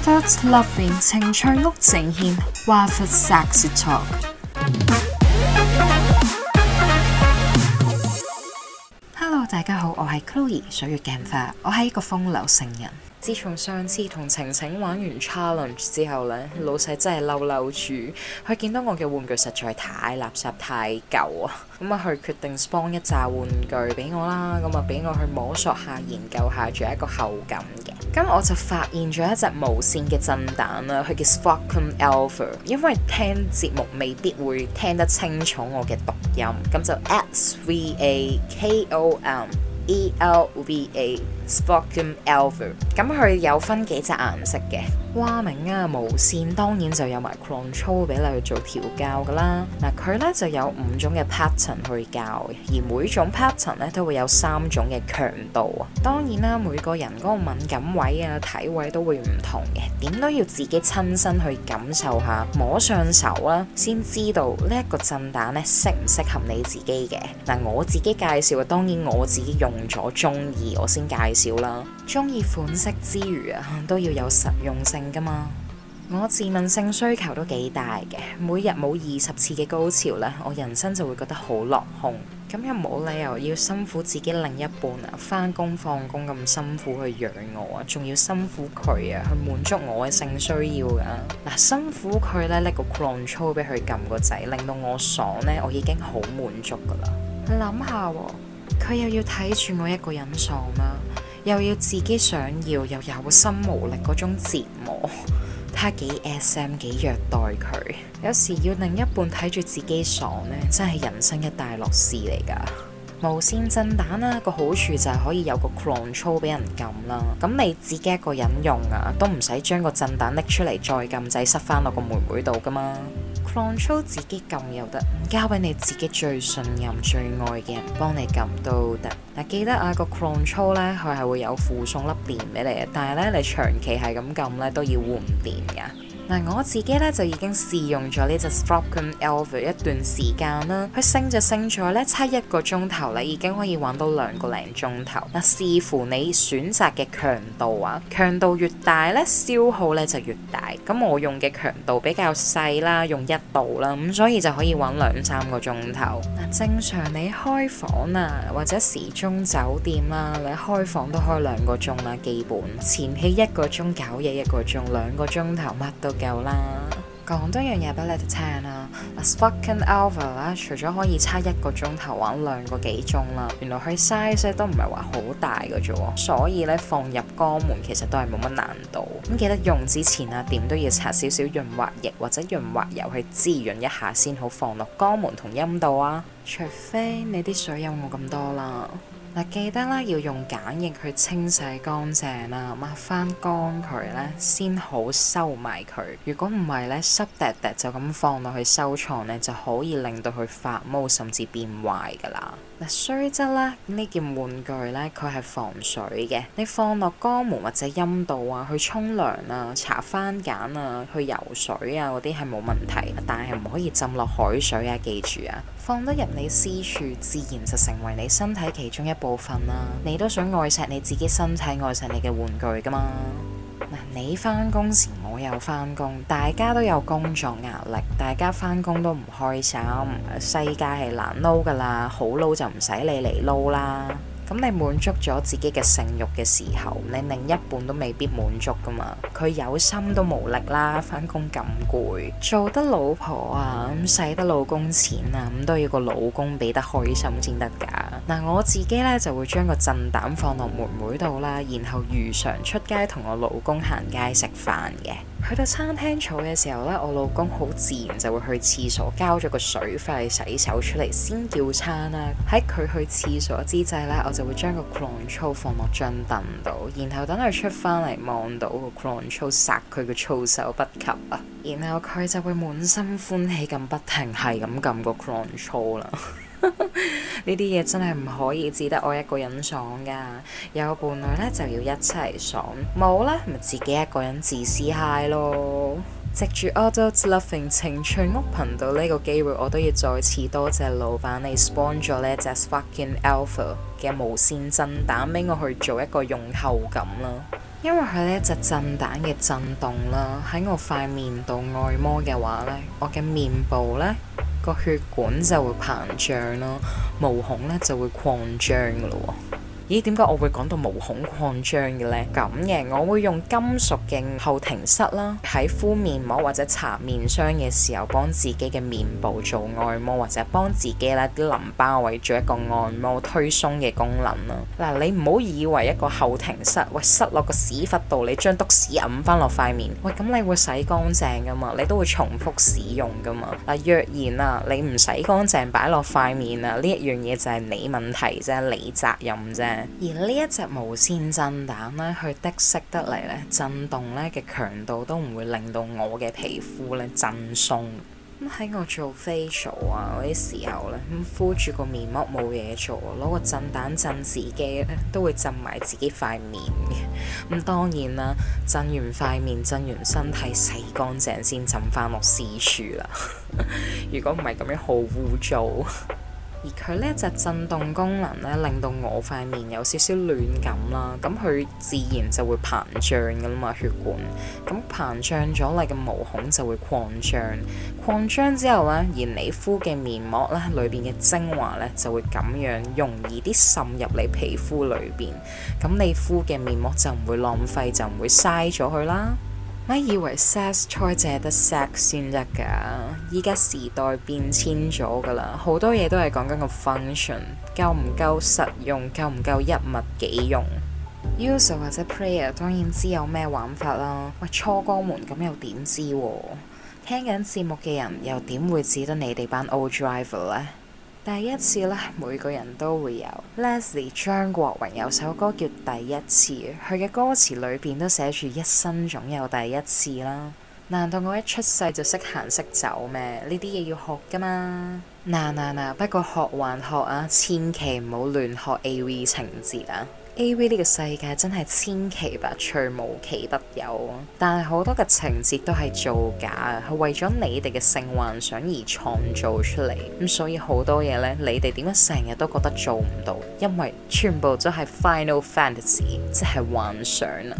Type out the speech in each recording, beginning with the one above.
Adult Loving 晴趣屋呈獻華佛 Saxy Talk。Hello，大家好，我係 Chloe，水月鏡花，我係一個風流成人。自從上次同晴晴玩完 challenge 之後呢，老細真係嬲嬲住，佢見到我嘅玩具實在太垃圾太舊啊，咁啊佢決定幫一紮玩具俾我啦，咁啊俾我去摸索下、研究下，仲有一個後感嘅。咁我就發現咗一隻無線嘅震蛋啦，佢叫 Svakom Alpha。因為聽節目未必會聽得清楚我嘅讀音，咁就 S, S V A K O M ALVA Spotgun Alpha，咁佢有分幾隻顏色嘅。蛙鳴啊，無線當然就有埋 control 俾你去做調校噶啦。嗱，佢咧就有五種嘅 pattern 去校，而每種 pattern 咧都會有三種嘅強度。啊。當然啦，啊，每個人嗰個敏感位啊、體位都會唔同嘅，點都要自己親身去感受下，摸上手啦，先知道呢一個震蛋咧適唔適合你自己嘅。嗱，啊，我自己介紹啊，當然我自己用。咗中意我先介紹啦。中意款式之餘啊，都要有實用性噶嘛。我自問性需求都幾大嘅，每日冇二十次嘅高潮呢，我人生就會覺得好落空。咁又冇理由要辛苦自己另一半啊，返工放工咁辛苦去養我啊，仲要辛苦佢啊，去滿足我嘅性需要噶。嗱，辛苦佢咧，拎個 control 俾佢撳個掣，令到我爽呢，我已經好滿足噶啦。諗下哦。佢又要睇住我一個人喪啦、啊，又要自己想要，又有心無力嗰種折磨，睇下幾 S M 幾虐待佢。有時要另一半睇住自己爽呢、啊，真係人生一大樂事嚟噶。無綫震蛋啦、啊，個好處就係可以有個狂操 n 俾人撳啦。咁你自己一個人用啊，都唔使將個震蛋拎出嚟再撳仔塞返落個妹妹度噶嘛。control 自己撳又得，交俾你自己最信任、最愛嘅人幫你撳都得。嗱，記得啊，個 control 呢，佢係會有附送粒電俾你嘅，但係呢，你長期係咁撳呢，都要換電嘅。嗱，我自己咧就已經試用咗呢隻 Spectrum Alpha 一段時間啦，佢升就升咗咧，差一個鐘頭你已經可以玩到兩個零鐘頭。嗱，視乎你選擇嘅強度啊，強度越大咧，消耗咧就越大。咁我用嘅強度比較細啦，用一度啦，咁所以就可以玩兩三個鐘頭。嗱，正常你開房啊，或者時鐘酒店啊，你開房都開兩個鐘啦、啊，基本前期一個鐘搞嘢一個鐘，兩個鐘頭乜都～夠啦，講多樣嘢俾你聽啦、啊。Spark and Alpha 咧、啊，除咗可以差一個鐘頭玩兩個幾鐘啦、啊，原來佢 size 都唔係話好大嘅啫喎，所以咧放入肛門其實都係冇乜難度。咁記得用之前啊，點都要擦少少潤滑液或者潤滑油去滋潤一下先好放落肛門同陰道啊。除非你啲水有冇咁多啦。嗱、啊，記得咧要用梘液去清洗乾淨啦、啊，抹翻乾佢咧先好收埋佢。如果唔係咧，濕滴滴就咁放落去收藏咧，就可以令到佢發毛，甚至變壞噶啦。嗱、啊，雖則咧呢件玩具咧，佢係防水嘅，你放落肛門或者陰道啊，去沖涼啊，擦番梘啊，去游水啊嗰啲係冇問題，但係唔可以浸落海水啊！記住啊！放得入你私處，自然就成為你身體其中一部分啦。你都想愛錫你自己身體，愛錫你嘅玩具噶嘛？你返工時，我又返工，大家都有工作壓力，大家返工都唔開心。世界係難撈噶啦，好撈就唔使你嚟撈啦。咁你滿足咗自己嘅性慾嘅時候，你另一半都未必滿足㗎嘛。佢有心都冇力啦，返工咁攰，做得老婆啊，咁、嗯、使得老公錢啊，咁、嗯、都要個老公俾得開心先得㗎。嗱，我自己呢就會將個震蛋放落妹妹度啦，然後如常出街同我老公行街食飯嘅。去到餐廳坐嘅時候呢，我老公好自然就會去廁所交咗個水費，洗手出嚟先叫餐啦。喺佢去廁所之際呢，我就會將個 control 放落張凳度，然後等佢出返嚟望到個 control 殺佢個措手不及啊！然後佢就會滿心歡喜咁不停係咁撳個 control 啦。 呢啲嘢真係唔可以只得我一個人爽噶，有伴侶呢，就要一齊爽，冇啦，咪自己一個人自私。嗨咯。 藉住 Adult Loving 晴趣屋頻道呢個機會，我都要再次多謝老闆嚟 sponsor 呢一隻 Fucking Alpha 嘅無線震蛋俾我去做一個用後感啦。因為佢呢一隻震蛋嘅震動啦，喺我塊面度按摩嘅話呢，我嘅面部呢。個血管就會膨脹咯，毛孔咧就會擴張噶咯喎。咦？點解我會講到毛孔擴張嘅呢？咁嘅，我會用金屬嘅後庭塞啦，喺敷面膜或者搽面霜嘅時候，幫自己嘅面部做按摩，或者幫自己呢啲淋巴位做一個按摩推鬆嘅功能啦。嗱、啊，你唔好以為一個後庭塞喂，塞落個屎忽度，你將篤屎揼翻落塊面，喂，咁你會洗乾淨噶嘛？你都會重複使用噶嘛？嗱、啊，若然啊，你唔洗乾淨擺落塊面啊，呢一樣嘢就係你問題啫，你責任啫。而呢一隻無線震蛋呢，佢的息得嚟呢，震動呢嘅強度都唔會令到我嘅皮膚呢震鬆。咁喺我做 facial 啊，嗰啲時候呢，咁敷住個面膜冇嘢做，攞個震蛋震自己咧，都會震埋自己塊面嘅。咁當然啦，震完塊面，震完身體洗乾淨先，震翻落私處啦。如果唔係咁樣，好污糟。而佢呢隻、就是、震動功能呢，令到我塊面有少少暖感啦。咁佢自然就會膨脹噶啦嘛，血管咁、嗯、膨脹咗你嘅毛孔就會擴張，擴張之後呢，而你敷嘅面膜呢，裏邊嘅精華呢，就會咁樣容易啲滲入你皮膚裏邊。咁你敷嘅面膜就唔會浪費，就唔會嘥咗佢啦。咪以為 sex toy 淨係得 sex 先得㗎？而家時代變遷咗㗎啦，好多嘢都係講緊個 function，夠唔夠實用，夠唔夠一物幾用？User 或者 player 當然知有咩玩法啦。喂，初哥們咁又點知喎？聽緊節目嘅人又點會指得你哋班 old driver 咧？第一次啦，每個人都會有。Leslie 張國榮有首歌叫《第一次》，佢嘅歌詞裏邊都寫住一生總有第一次啦。難道我一出世就識行識走咩？呢啲嘢要學㗎嘛。嗱嗱嗱，不過學還學啊，千祈唔好亂學 AV 情節啊。A.V. 呢個世界真係千奇百趣，無奇不有。但係好多嘅情節都係造假，係為咗你哋嘅性幻想而創造出嚟。咁所以好多嘢呢，你哋點解成日都覺得做唔到？因為全部都係 Final Fantasy，即係幻想啊！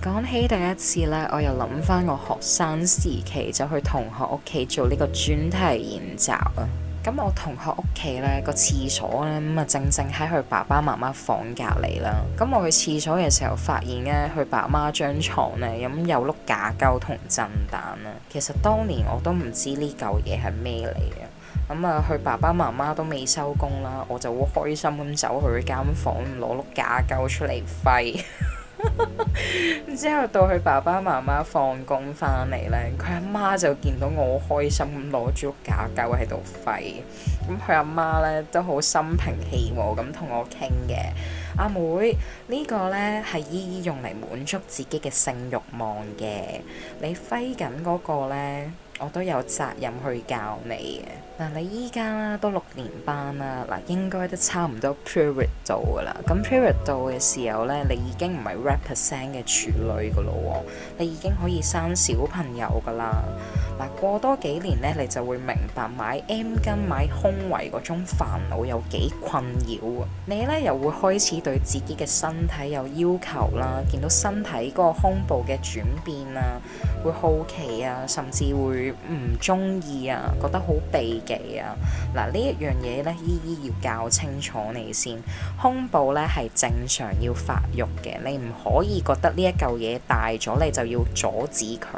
講起第一次呢，我又諗翻我學生時期就去同學屋企做呢個專題研習。咁我同學屋企呢個廁所呢，咁啊，正正喺佢爸爸媽媽房隔離啦。咁我去廁所嘅時候，發現呢，佢爸媽張床呢咁有碌架膠同震蛋啦。其實當年我都唔知呢嚿嘢係咩嚟嘅。咁啊，佢爸爸媽媽都未收工啦，我就好開心咁走去間房攞碌架膠出嚟揮。 之後到佢爸爸媽媽放工返嚟呢，佢阿媽就見到我好開心咁攞住架膠喺度揮，咁佢阿媽呢都好心平氣和咁同我傾嘅。阿妹，呢、呢個呢係姨姨用嚟滿足自己嘅性欲望嘅，你揮緊嗰個呢？我都有責任去教你嘅。嗱，你依家啦都六年班啦，嗱應該都差唔多 period 到噶啦。咁 period 到嘅時候咧，你已經唔係 rap 聲嘅處女噶啦，你已經可以生小朋友噶啦。嗱，過多幾年咧，你就會明白買 M 巾買胸圍嗰種煩惱有幾困擾、啊、你咧又會開始對自己嘅身體有要求啦，見到身體嗰個胸部嘅轉變啊，會好奇啊，甚至會唔中意啊，覺得好避忌啊！嗱、啊，呢一樣嘢呢，依依要教清楚你先，胸部咧係正常要發育嘅，你唔可以覺得呢一嚿嘢大咗，你就要阻止佢。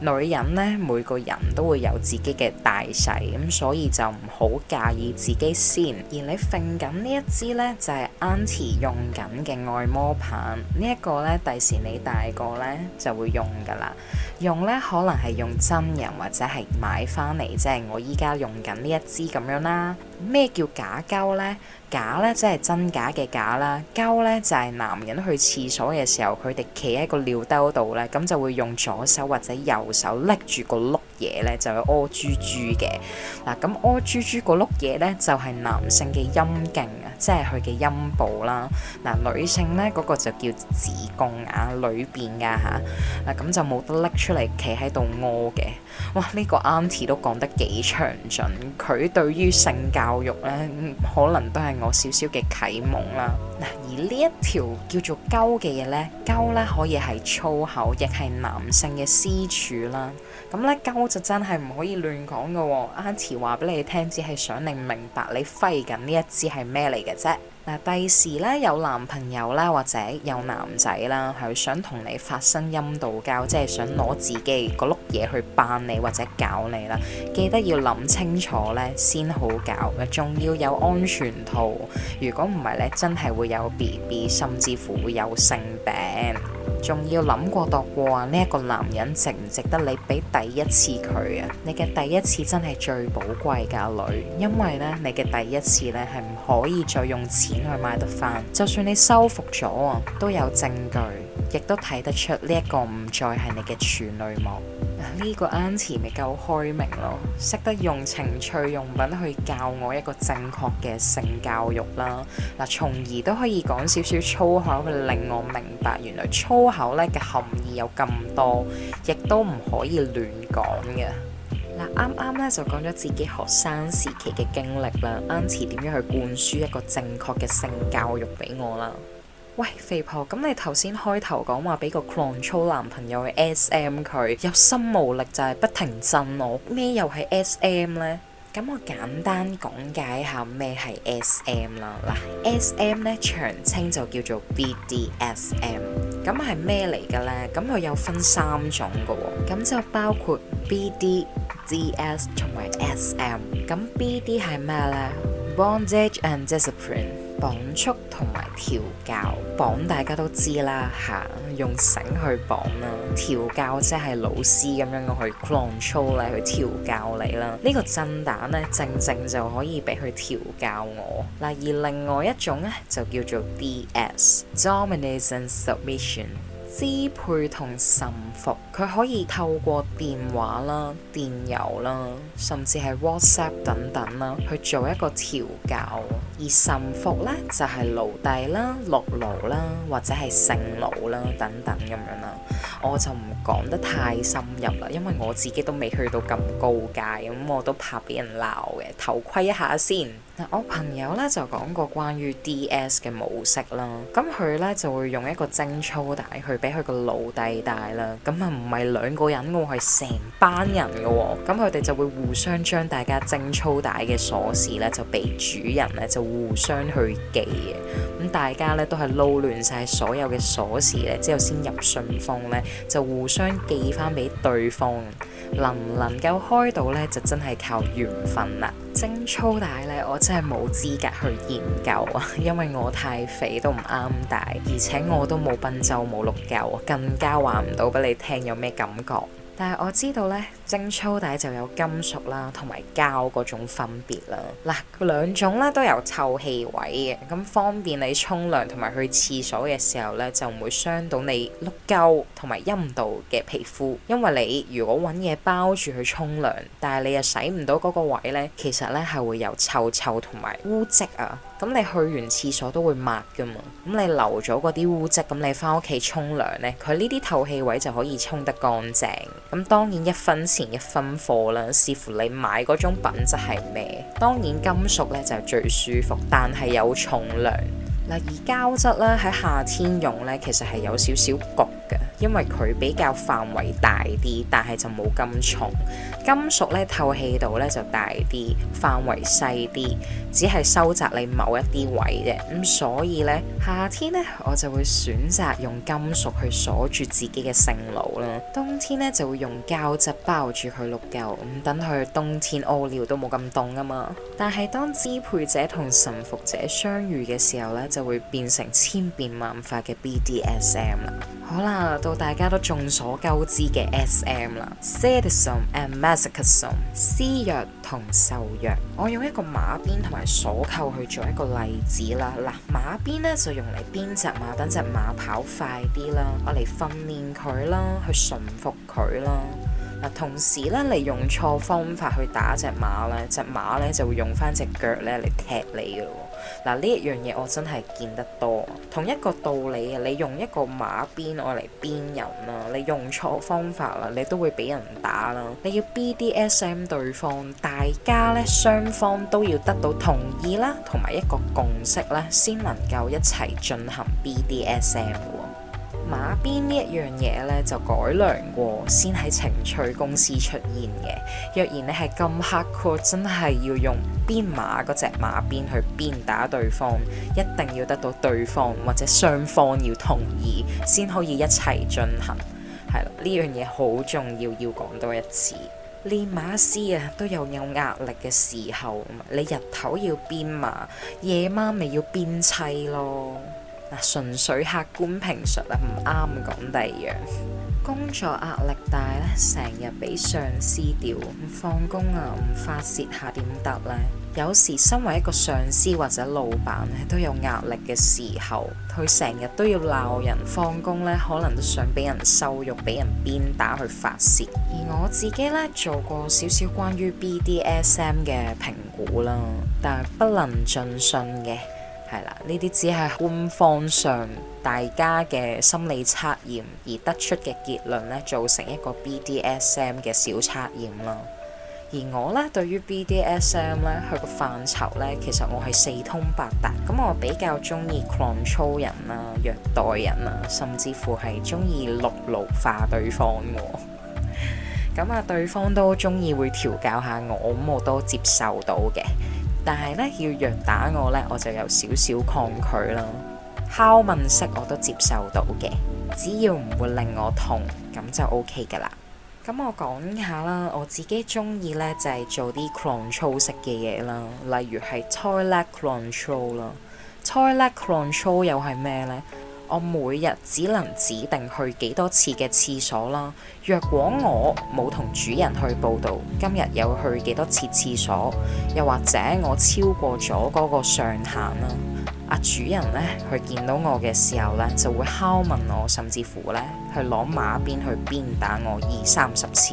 女人呢，每個個人都會有自己嘅大細，咁所以就唔好介意自己先。而你揈緊呢一支呢，就係 Auntie 用緊嘅按摩棒。呢、這、一個呢，第時你大個呢就會用噶啦。用呢，可能係用真人或者係買翻嚟，即、就、係、是、我依家用緊呢一支咁樣啦。咩叫假交咧？假咧即係真假嘅假啦，交咧就係、是、男人去廁所嘅時候，佢哋企喺個尿兜度咧，咁就會用左手或者右手拎住個碌。嘢咧就係屙豬豬嘅嗱，咁屙豬豬嗰碌嘢咧就係男性嘅陰莖啊，即係佢嘅陰部啦。嗱，女性咧嗰個就叫子宮啊，裏邊噶嚇。嗱，咁就冇得拎出嚟企喺度屙嘅。哇，呢個 Auntie 都講得幾詳盡，佢對於性教育咧可能都係我少少嘅啟蒙啦。嗱，而呢一條叫做鳩嘅嘢咧，鳩咧可以係粗口，亦係男性嘅私處啦。咁咧鳩。就真係唔可以亂講嘅喎，啱啱詞話俾你聽，只係想令明白你揮緊呢一支係咩嚟嘅啫。嗱，第時咧有男朋友啦，或者有男仔啦，係想同你發生陰道交，即係想攞自己個碌嘢去扮你或者搞你啦。記得要諗清楚咧，先好搞。仲要有安全套，如果唔係咧，真係會有 B B，甚至乎會有性病。仲要諗過度過啊！呢一個男人值唔值得你俾第一次佢啊？你嘅第一次真係最寶貴㗎，女，因為咧你嘅第一次咧係唔可以再用去買得翻，就算你修復咗啊，都有證據，亦都睇得出呢一個唔再係你嘅處女膜。呢、啊這個啱詞，咪夠開明咯，識得用情趣用品去教我一個正確嘅性教育啦。嗱、啊，從而都可以講少少粗口，令我明白原來粗口咧嘅含義有咁多，亦都唔可以亂講嘅。啱啱咧就講咗自己學生時期嘅經歷啦，安慈點樣去灌輸一個正確嘅性教育俾我啦？喂，肥婆，咁你頭先開頭講話俾個狂操男朋友嘅 S.M. 佢有心無力就係不停震我咩？又係 S.M. 呢？咁我簡單講解下咩係 S.M. 啦。嗱，S.M. 咧長稱就叫做 B.D.S.M. 咁係咩嚟嘅呢？咁佢有分三種嘅、哦，咁就包括 B.D. D.S. 同埋 S.M. 咁 B.D. 係咩呢？Bondage and Discipline，綁束同埋調教。綁大家都知啦，嚇、啊，用繩去綁啦。調教即係老師咁樣嘅去 control 去調你，去調教你啦。呢個震蛋呢，正正就可以俾佢調教我。嗱，而另外一種呢，就叫做 D.S. Domination Submission。支配同臣服，佢可以透過電話啦、電郵啦，甚至係 WhatsApp 等等啦，去做一個調教。而臣服呢，就係、是、奴隸啦、落奴啦，或者係性奴啦等等咁樣啦。我就唔講得太深入啦，因為我自己都未去到咁高階，咁我都怕俾人鬧嘅，頭盔一下先。嗱，我朋友咧就講過關於 DS 嘅模式啦，咁佢咧就會用一個貞操帶去俾佢個奴隸帶啦。咁啊，唔係兩個人，我係成班人嘅喎。咁佢哋就會互相將大家貞操帶嘅鎖匙咧，就俾主人咧，就互相去寄嘅。咁大家咧都係撈亂晒所有嘅鎖匙咧，之後先入信封咧。就互相寄翻俾對方，能唔能夠開到呢？就真係靠緣分啦。貞操帶呢，我真係冇資格去研究啊，因為我太肥都唔啱帶，而且我都冇賓周冇碌鳩，更加話唔到俾你聽有咩感覺。但係我知道呢。蒸粗底，就有金屬啦，同埋膠嗰種分別啦。嗱，兩種咧都有透氣位嘅，咁方便你沖涼同埋去廁所嘅時候咧，就唔會傷到你碌鳩同埋陰道嘅皮膚，因為你如果揾嘢包住去沖涼，但係你又洗唔到嗰個位咧，其實咧係會有臭臭同埋污漬啊。咁你去完廁所都會抹噶嘛，咁你留咗嗰啲污漬，咁你翻屋企沖涼咧，佢呢啲透氣位就可以沖得乾淨，咁當然一分錢一分貨啦，視乎你買嗰種品質係咩。當然金屬咧就最舒服，但係有重量。嗱，而膠質咧喺夏天用咧，其實係有少少焗嘅。因為佢比較範圍大啲，但係就冇咁重。金屬咧透氣度咧就大啲，範圍細啲，只係收窄你某一啲位啫。咁、嗯、所以呢，夏天呢我就會選擇用金屬去鎖住自己嘅性奴啦。冬天呢就會用膠質包住佢碌嚿，咁等佢冬天屙尿都冇咁凍啊嘛。但係當支配者同臣服者相遇嘅時候呢，就會變成千變萬化嘅 BDSM 啦。好啦，到。大家都眾所周知嘅 S.M. 啦 Sadism and Masochism，施虐同受虐。我用一個馬鞭同埋鎖扣去做一個例子啦。嗱，馬鞭呢就用嚟鞭隻馬，等隻馬跑快啲啦，我嚟訓練佢啦，去馴服佢啦。同時呢，你用錯方法去打隻馬呢，隻馬呢就會用翻隻腳呢嚟踢你噶嗱，呢一樣嘢我真係見得多，同一個道理啊！你用一個馬鞭我嚟鞭人啦，你用錯方法啦，你都會俾人打啦。你要 BDSM 對方，大家咧雙方都要得到同意啦，同埋一個共識咧，先能夠一齊進行 BDSM。馬鞭呢一樣嘢呢，就改良過先喺情趣公司出現嘅。若然你係咁刻薄，真係要用鞭馬嗰隻馬鞭去鞭打對方，一定要得到對方或者雙方要同意先可以一齊進行，係啦。呢樣嘢好重要，要講多一次。練馬師啊，都有有壓力嘅時候，你日頭要鞭馬，夜晚咪要鞭妻咯。純粹客觀評述啊，唔啱講第二樣。工作壓力大咧，成日俾上司調，唔放工啊，唔發泄下點得呢？有時身為一個上司或者老闆咧，都有壓力嘅時候，佢成日都要鬧人，放工咧可能都想俾人羞辱，俾人鞭打去發泄。而我自己咧做過少少關於 BDSM 嘅評估啦，但係不能盡信嘅。係啦，呢啲只係官方上大家嘅心理測驗而得出嘅結論咧，做成一個 BDSM 嘅小測驗咯。而我咧對於 BDSM 咧，佢個範疇咧，其實我係四通八達。咁我比較中意 control 人啊、虐待人啊，甚至乎係中意六路化對方嘅。咁啊， 對方都中意會調教下我，咁我都接受到嘅。但係咧，要虐打我咧，我就有少少抗拒咯。拷問式我都接受到嘅，只要唔會令我痛，咁就 OK 噶啦。咁、嗯、我講下啦，我自己中意咧就係、是、做啲 control 式嘅嘢啦，例如係 toilet control 啦，toilet control 又係咩呢？我每日只能指定去幾多次嘅廁所啦。若果我冇同主人去報道，今日有去幾多次廁所，又或者我超過咗嗰個上限啦，啊主人呢，佢見到我嘅時候呢，就會敲問我，甚至乎呢，去攞馬鞭去鞭打我二三十次。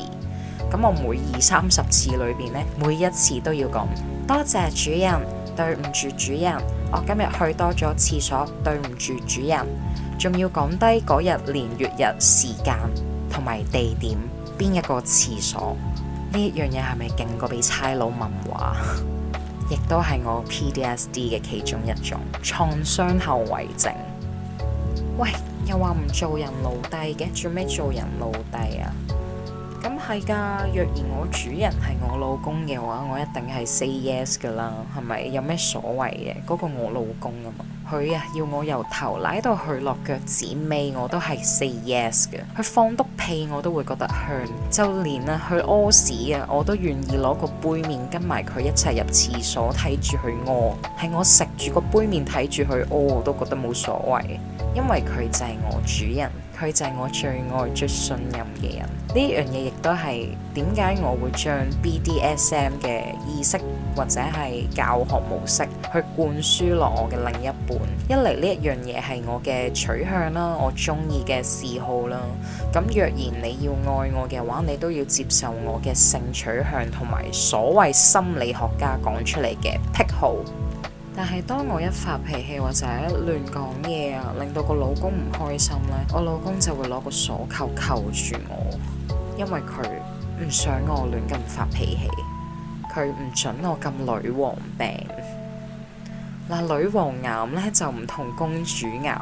咁我每二三十次裏邊呢，每一次都要講多謝主人。對唔住主人，我今日去多咗廁所，對唔住主人，仲要講低嗰日年月日時間同埋地點邊一個廁所。呢樣嘢係咪勁過俾差佬問話？亦都係我 PDSD 嘅其中一種創傷後遺症。喂，又話唔做人奴隸嘅，做咩做人奴隸啊？咁係噶，若然我主人係我老公嘅話，我一定係四 y e s 噶啦，係咪？有咩所謂嘅？嗰、那個我老公啊嘛，佢啊，要我由頭舐到佢落腳趾尾，我都係四 y e s 嘅。佢放督屁，我都會覺得香，就連啊佢屙屎啊，我都願意攞個杯麵跟埋佢一齊入廁所睇住佢屙。係我食住個杯麵睇住佢屙，我都覺得冇所謂，因為佢就係我主人。佢就係我最愛、最信任嘅人。呢樣嘢亦都係點解我會將 BDSM 嘅意識或者係教學模式去灌輸落我嘅另一半。一嚟，呢一樣嘢係我嘅取向啦，我中意嘅嗜好啦。咁若然你要愛我嘅話，你都要接受我嘅性取向同埋所謂心理學家講出嚟嘅癖好。但係當我一發脾氣或者亂講嘢啊，令到個老公唔開心呢，我老公就會攞個鎖扣扣住我，因為佢唔想我亂咁發脾氣，佢唔准我咁女王病。嗱，女王癌呢，就唔同公主癌。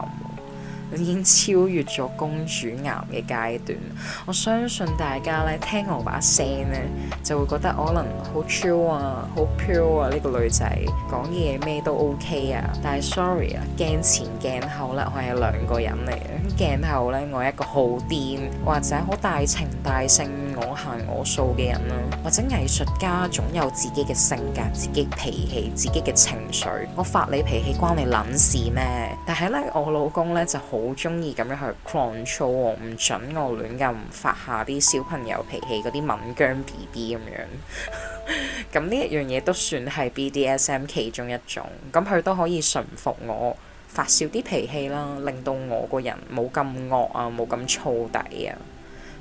已經超越咗公主癌嘅階段。我相信大家咧聽我把聲咧就會覺得可能好 chill 啊，好 pure 啊，呢、這個女仔講嘅嘢咩都 OK 啊。但係 sorry 啊，鏡前鏡後咧、啊、我係兩個人嚟嘅。鏡頭咧，我一個好癲或者好大情大性、我行我素嘅人啦，或者藝術家總有自己嘅性格、自己脾氣、自己嘅情緒。我發你脾氣關你撚事咩？但係咧，我老公咧就好中意咁樣去 control，唔準我亂咁發下啲小朋友脾氣嗰啲敏姜 B B 咁樣。咁呢一樣嘢都算係 B D S M 其中一種，咁佢都可以馴服我。發少啲脾氣啦，令到我個人冇咁惡啊，冇咁燥底啊。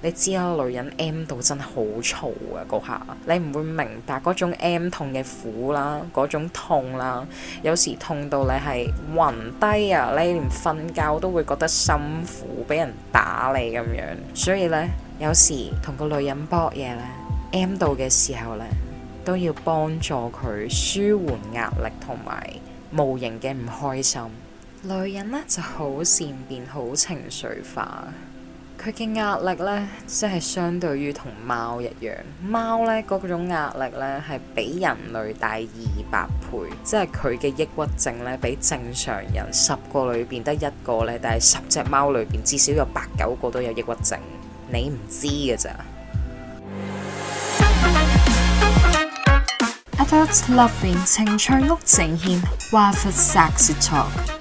你知啦、啊，女人 M 到真係好燥啊嗰下、那個，你唔會明白嗰種 M 痛嘅苦啦、啊，嗰種痛啦、啊，有時痛到你係暈低啊，你連瞓覺都會覺得辛苦，畀人打你咁樣。所以呢，有時同個女人搏嘢呢，M 到嘅時候呢，都要幫助佢舒緩壓力同埋無形嘅唔開心。女人呢就好善變，好情緒化。佢嘅壓力呢，即係相對於同貓一樣，貓呢嗰種壓力呢，係比人類大二百倍。即係佢嘅抑鬱症呢，比正常人十個裏邊得一個呢，但係十隻貓裏邊至少有八九個都有抑鬱症。你唔知嘅咋？Adult Loving 晴趣屋呈現，話術 sexy talk。